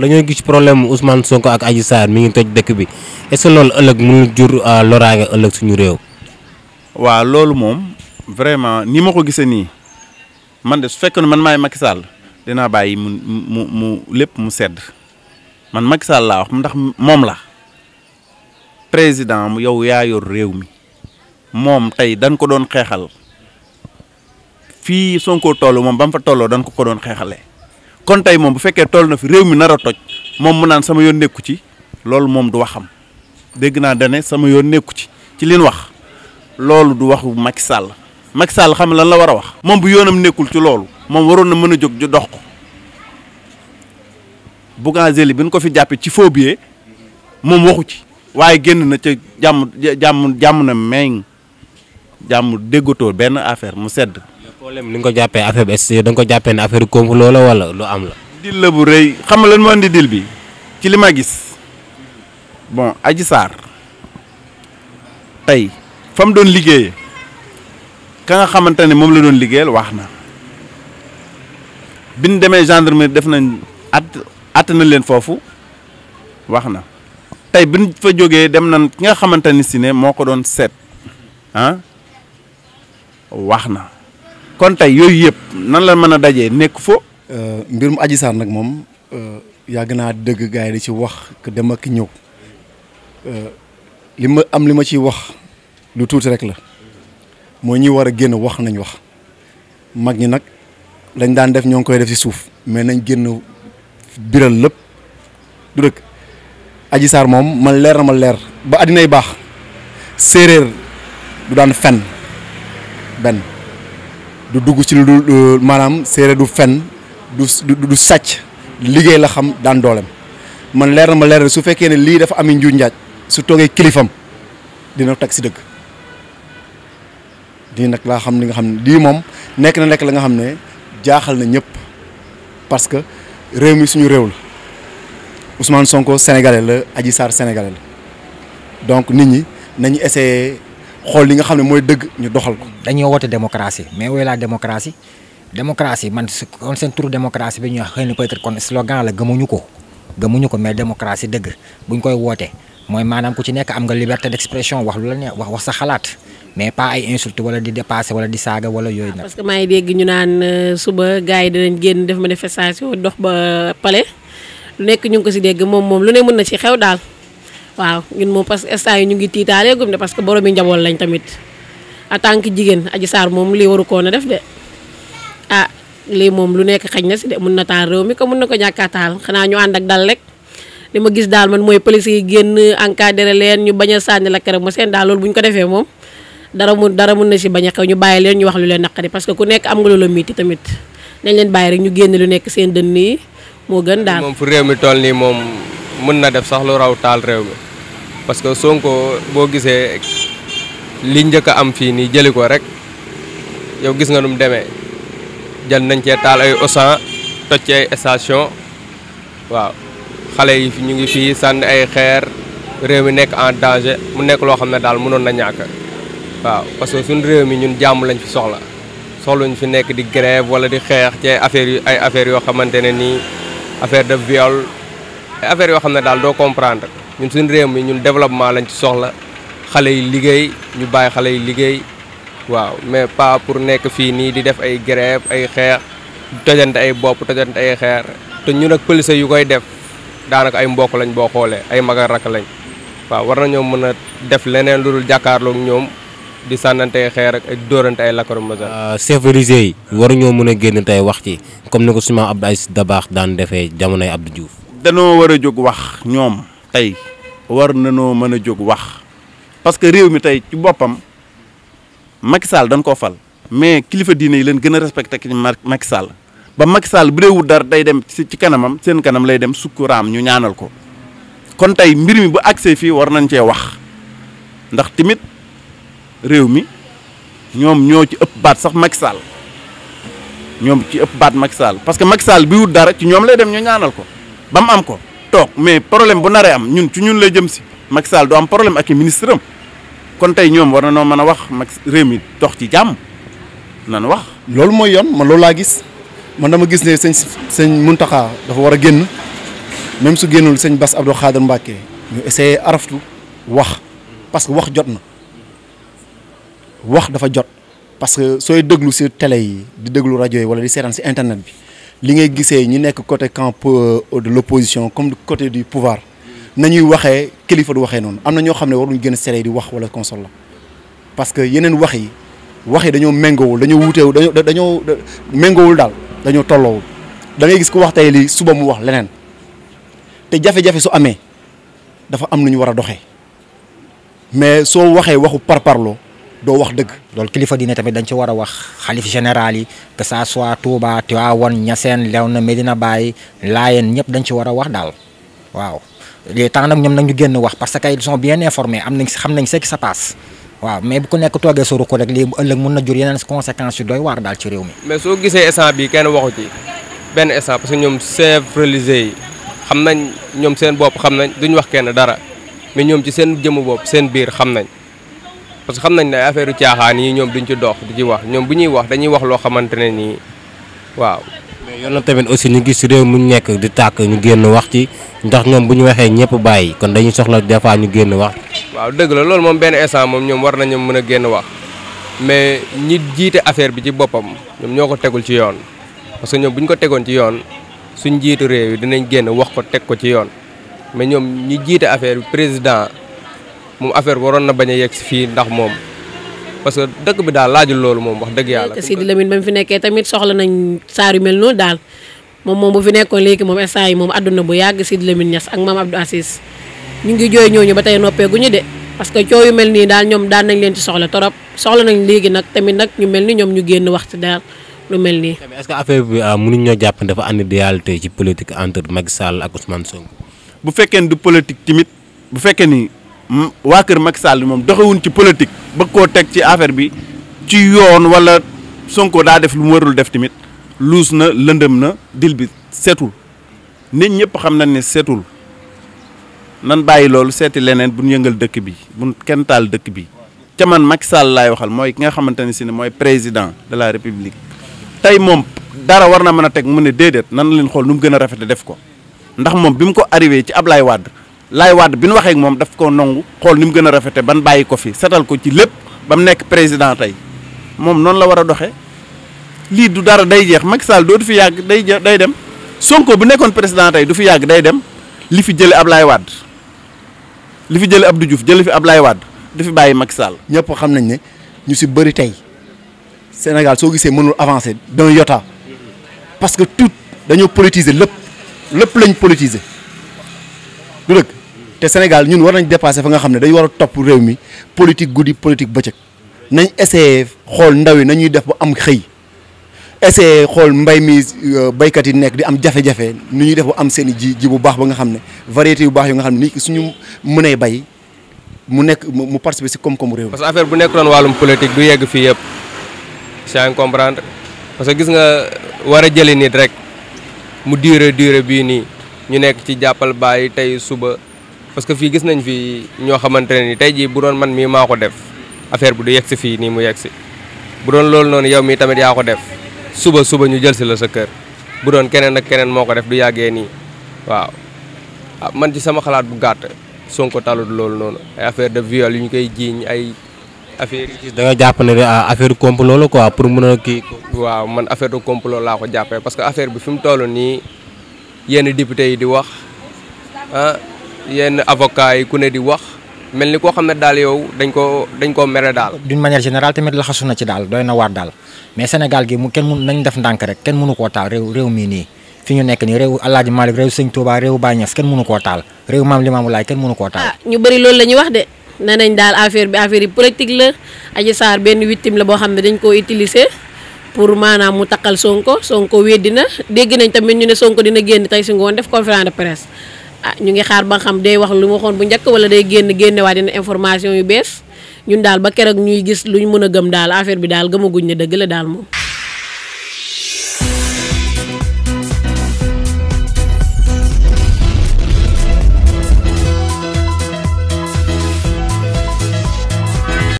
dañoo gis problème mu Ousmane Sonko ak Adji Sarr mi ngi toj dëkk bi est ce que loolu ëllëg mënul jur euh, loraange ëllëg suñu réew. waaw loolu moom vraiment ni ma ko gisee nii man de su fekkee fekkoon man maay Macky Sall dinaa bàyyi mu mu mu lépp mu sedd man Macky Sall laa wax ndax moom la président mu yow yaa yor réew mi moom tey dañ ko doon xeexal fii Sonko toll moom ba mu fa tolloo dañ ko ko doon xeexalee. kon tey moom bu fekkee tool na fi réew mi nar a toj moom mu naan sama yoon nekku ci loolu moom du waxam dégg naa dane sama yoon nekku ci ci li wax loolu du waxu mag Sall Macky Sall xam lan la war a wax. moom bu yoonam nekkul ci loolu moom waroon na mën a jóg ju dox ko Bougazelli bi ñu ko fi jàppee ci phobie moom waxu ci waaye génn na ca jàmm jàmm jàmm na meññ jàmm déggatoo benn affaire mu sedd. problème ni nga ko jàppee affaire bi da nga ko jàppee ne affaire complot la wala lu am la. dil bu rëy xam nga lan moo indi dil bi ci li ma gis bon Adji Sarr tey fa mu doon liggéeyee ka nga xamante ne moom la doon liggéeyal wax na bi ñu demee gendarmerie def nañ at att nañ leen foofu wax na tey bi ñu fa jógee dem na ki nga xamante ni si ne moo ko doon seet ah, wax na. kon tey yooyu yëpp nan la mën a dajee nekk fo. Euh, mbirum Adji Sarr nag moom euh, yàgg naa dëgg gars yi di ci wax que dem ak ñëw euh, li ma am li ma ciy wax lu tuuti rek la moo ñi war a génn wax nañ wax mag ñi nag lañ daan def ñoo ngi koy def ci suuf mais nañ génn biral lépp du dëkk Adji Sarr moom ma leer na ma leer ba addinay baax séeréer du daan fen benn. du dugg ci lu dul euh, maanaam séeréer du fen du du sàcc liggéey la xam daan doolem man leer na ma leer su fekkee ne lii dafa am njuuj njaaj su toogee kilifam dina teg si dëgg lii nag laa xam li nga xam ne lii moom nekk na nekk la nga xam ne jaaxal na ñëpp parce que réew mi suñu réew la Ousmane Sonko sénégalais la Adji Sarr sénégalais la donc nit ñi nañu essayer xool li nga xam ne mooy dëgg ñu doxal ko. dañoo woote démocratie mais wooy laa démocratie démocratie man kon seen turu démocratie bi ñu wax xëy na peut-être kon slogan la gëmuñu ko gëmuñu ko mais démocratie dëgg buñ koy wootee mooy maanaam ku ci nekk am nga liberté d'expression wax lu la neex wax wax sa xalaat. mais pas ay insulte wala di dépasé wala di saaga wala yooyu nag. parce que maa ngi dégg ñu naan euh, suba gars yi danañ génn def manifestation dox ba pale lu nekk ñu ngi ko si dégg moom moom lu ne mën na ci xew daal. waaw ñun moom parce que instant yi ñu ngi tiitaale gum ne parce que boromi njaboot lañ tamit en tant que jigéen Adji Sarr moom lii waru koon a def de ah lii moom lu nekk xaj na si de mun na taal réew mi ko mun na ko ñàkk xanaa ñu ànd ak dal rek ma gis daal man mooy police yi génn encadré leen ñu bañ a sànni la këram ma seen daal loolu bu ñu ko defee moom dara mun dara mun na si bañ a xew ñu bàyyi leen ñu wax lu leen naqari parce que ku nekk am nga lu la miiti tamit nañ leen bàyyi rek ñu génn lu nekk seen dënn yi moo gën daal. moom fu réew mi toll nii moom mën na def sax lu raw taal réew mi. parce que ko boo gisee li njëkk am fii nii jëli ko rek yow gis nga nu demee jël nañ cee taal ay osan toj ci ay station waaw xale yi ñu ngi fii sànni ay xeer réew mi nekk en danger mu nekk loo xam ne daal mënoon na ñàkk waaw parce que suñu réew mi ñun jàmm lañ fi soxla soxluñ fi nekk di grève wala di xeex ci ay affaires yu ay affaires yoo xamante ne nii affaire de viol ay affaires yoo xam ne daal doo comprendre ñun suñu réew mi ñun développement lañ ci soxla xale yi liggéey ñu bàyyi xale yi liggéey waaw mais pas pour nekk fii nii di def ay grève ay xeex tojante ay bopp tojante ay xeer te ñun ak police yu koy def daanaka ay mbokk lañ boo xoolee ay mag ak lañ waaw war nañoo mën a def leneen lu dul jàkkaarloog ñoom di sànnante ay xeer ak ay dóorante ay lacrymogène. Euh, chef yi waruñoo mën a génn wax ci comme ni ko suma Abdou Aziz Dabakh daan defee jamonoy Abdou Diouf. danoo war a jóg wax ñoom. tey war na nanoo mën a jóg wax parce que réew mi tey ci boppam Macky Sall dañ koo fal mais kilifa diine yi leen gën a respecté ki Macky Sall ba Macky Sall bu dee wut dara day dem ci kanamam seen kanam lay dem sukkuraam ñu ñaanal ko kon tey mbir mi bu agsee fii war nañ cee wax ndax tamit réew mi ñoom ñoo ci ëpp baat sax Macky Sall ñoom ci ëpp baat Macky Sall parce que Macky Sall bi wut dara ci ñoom lay dem ñu ñaanal ko ba mu am ko toog mais problème bu naree am ñun ci ñun lay jëm si Macky Sall du am problème ak i ministre am kon tey ñoom war na noo mën a wax mag réew mi dox ci jàmm nan wax. loolu mooy yoon man loolu laa gis man dama gis ne sëñ sëñ Mountakha dafa war a génn même su génnul sëñ Bass Abdou Khader Mbacké ñu essayé araftu wax parce que wax jot na wax dafa jot parce que sooy déglu si tele yi di déglu rajo yi wala di seetaan si internet bi. li ngay gisee ñu nekk côté camp euh, de l'opposition comme côté du pouvoir ñuy waxee kilifa du waxee noonu am na ñoo xam ne waruñu gën a seree di wax wala console la parce que yeneen wax yi wax yi dañoo méngoowul dañoo wuuteewul dañoo dañoo méngoowul daal dañoo tolloowul da gis ku wax tey lii suba mu wax leneen te jafe-jafe su amee dafa am lu ñu war a doxee mais soo waxee waxu parparloo doo wax dëgg loolu kilifa diine tamit dañ ci war a wax xalif général yi que ça soit Touba Tivaouane Niassène Léona Medina Baye Laayeen ñëpp dañ ci war a wax daal waaw les temps nag ñoom nag ñu génn wax parce que ils sont bien informé am nañ xam nañ ce qui se passe waaw mais bu ko nekk toogee sa ruq rek mun na jur yeneen conséquences yu doy waar daal ci réew mi. mais soo gisee instant bi kenn waxu ci benn instant parce que ñoom chef xam nañ ñoom seen bopp xam nañ duñ wax kenn dara mais ñoom ci seen jëmm bopp seen biir xam nañ. parce que xam nañ ne affaire caaxaan yi ñoom duñ ci dox di ci wax ñoom bu ñuy wax dañuy wax loo xamante ne nii waaw. mais yoon na tamit aussi ñu gis réew mu nekk di tàkk ñu génn wax ci ndax ñoom bu ñu waxee ñëpp bàyyi kon dañuy soxla des ñu génn wax. waaw dëgg la loolu moom benn instant moom ñoom war nañu mën a génn wax mais ñi jiite affaire bi ci boppam ñoom ñoo ko tegul ci yoon parce que ñoom bu ñu ko tegoon ci yoon suñ jiitu réew yi dinañ génn wax ko teg ko ci yoon affaire bi président. moom affaire waroon na bañ a yegg si fii ndax moom parce que dëkk bi daal laajul loolu moom wax dëgg yàlla. Sidi Lamine ba mu fi nekkee tamit soxla nañ saar yu mel noonu daal moom moom bu fi nekkoon léegi yi moom àdduna bu yàgg Sidi Lamine Niass ak maam Abdou Assis ñu ngi jooy ñooñu ba tey noppeeguñu de parce que coow yu mel nii daal ñoom daan nañ nag tamit nag ñu mel ni ñoom ñu génn wax ci daal lu mel nii. est ce affaire bi ah, mënuñ ñoo jàpp ne dafa ànd réalité ci politique entre Macky Sall ak Ousmane Sonko. bu fekkee du politique timit bu fekkee ni waa kër mag Sall moom doxewuñ ci politique bëgg koo teg ci affaire bi ci yoon wala Sonko daa def lu mu warul def tamit luus na lëndëm na dil bi seetul nit ñëpp xam nañ ne seetul nan bàyyi loolu seeti leneen bu ñu yëngal dëkk bi bu kenn taal dëkk bi ca man Macky Sall laay waxal mooy ki nga xamante ne si ne mooy président de la république tey moom dara war na mën a teg mu ne déedéet nan leen xool nu mu gën a rafete def ko ndax moom bi mu ko arrivé ci Ablaye Wade Laay Wade bi nu waxee moom daf ko nangu xool ni mu gën a rafete ban bàyyi ko fi setal ko ci lépp ba mu nekk président tey moom noonu la war a doxe lii du dara day jeex mag Sall dootu fi yàgg day day dem Sonko bu nekkoon président tey du fi yàgg day dem li fi jëlee Ablaye Wade li fi jëlee du Diouf jëlee fi Ablaye Wade du fi bàyyi mag Sall. ñëpp xam nañ ne ñu si bëri tey Sénégal soo gisee mënul avancer d'un iota parce que tout dañoo politiser lépp lépp lañ politiser du dëgg te Sénégal ñun war nañ dépasser fa nga xam ne dañu war a topp réew mi politique guddi politique bëccëg nañ essayer xool ndaw yi nañuy def ba am xëy essayer xool mbay mi euh, baykat yi nekk di am jafe-jafe ñuy def ba am seen i ji ji bu baax ba nga xam ne variété yu baax yu nga xam ne nit ki suñu mënee bay mu nekk mu participer si koom-koomu réew mi. parce que affaire bu nekkoon wàllum politique du yegg fii yëpp saa comprendre parce que gis nga war a jëli nit rek mu duré duré bii nii ñu nekk ci jàppal bàyyi tey suba. parce que fii gis nañ fii ñoo xamante ne ni tey jii bu doon man mii maa ko def affaire bi du yegg si fii nii mu yegg si bu doon loolu noonu yow mii tamit yaa ko def suba suba ñu jël si la sa kër bu doon keneen ak keneen moo ko def du yàggee nii waaw ah man ci sama xalaat bu gàtt Sonko talut loolu noonu ay affaire de viol yu ñu koy jiiñ ay affaire yi da nga jàpp ne ah, affaire complot la quoi pour mën a kii waaw man affaire de complo laa ko jàppee parce que affaire bi fi mu toll nii di wax ah, yenn avocat yi ku ne di wax mel ni koo xam ne daal yow dañ koo dañ koo mere daal. d'une manière générale tamit laxasu na ci daal doy na waar daal mais Sénégal gi mu kenn mun nañ def ndànk rek kenn mënu koo taal réew réew mii nii fi ñu nekk nii réew Alaaji Malick réew Sëñ Touba réew Baye Niass kenn mënu koo taal réew Maam Limaamu Laay kenn mënu koo taal. ah ñu bëri loolu la ñuy wax de nee nañ daal affaire bi affaire yi politique la Adji Sarr benn victime la boo xam ne dañ koo utiliser. pour maanaam mu takkal Sonko Sonko weddi na dégg nañ tamit ñu ne Sonko dina génn tey si ngoon def conférence de ah ñu ngi xaar ba xam day wax lu waxoon bu njëkk wala day génn génnewaat dina information yu bees ñun daal ba keroog ñuy gis lu ñu mën a gëm daal affaire bi daal gëmaguñ ne dëgg la daal moom.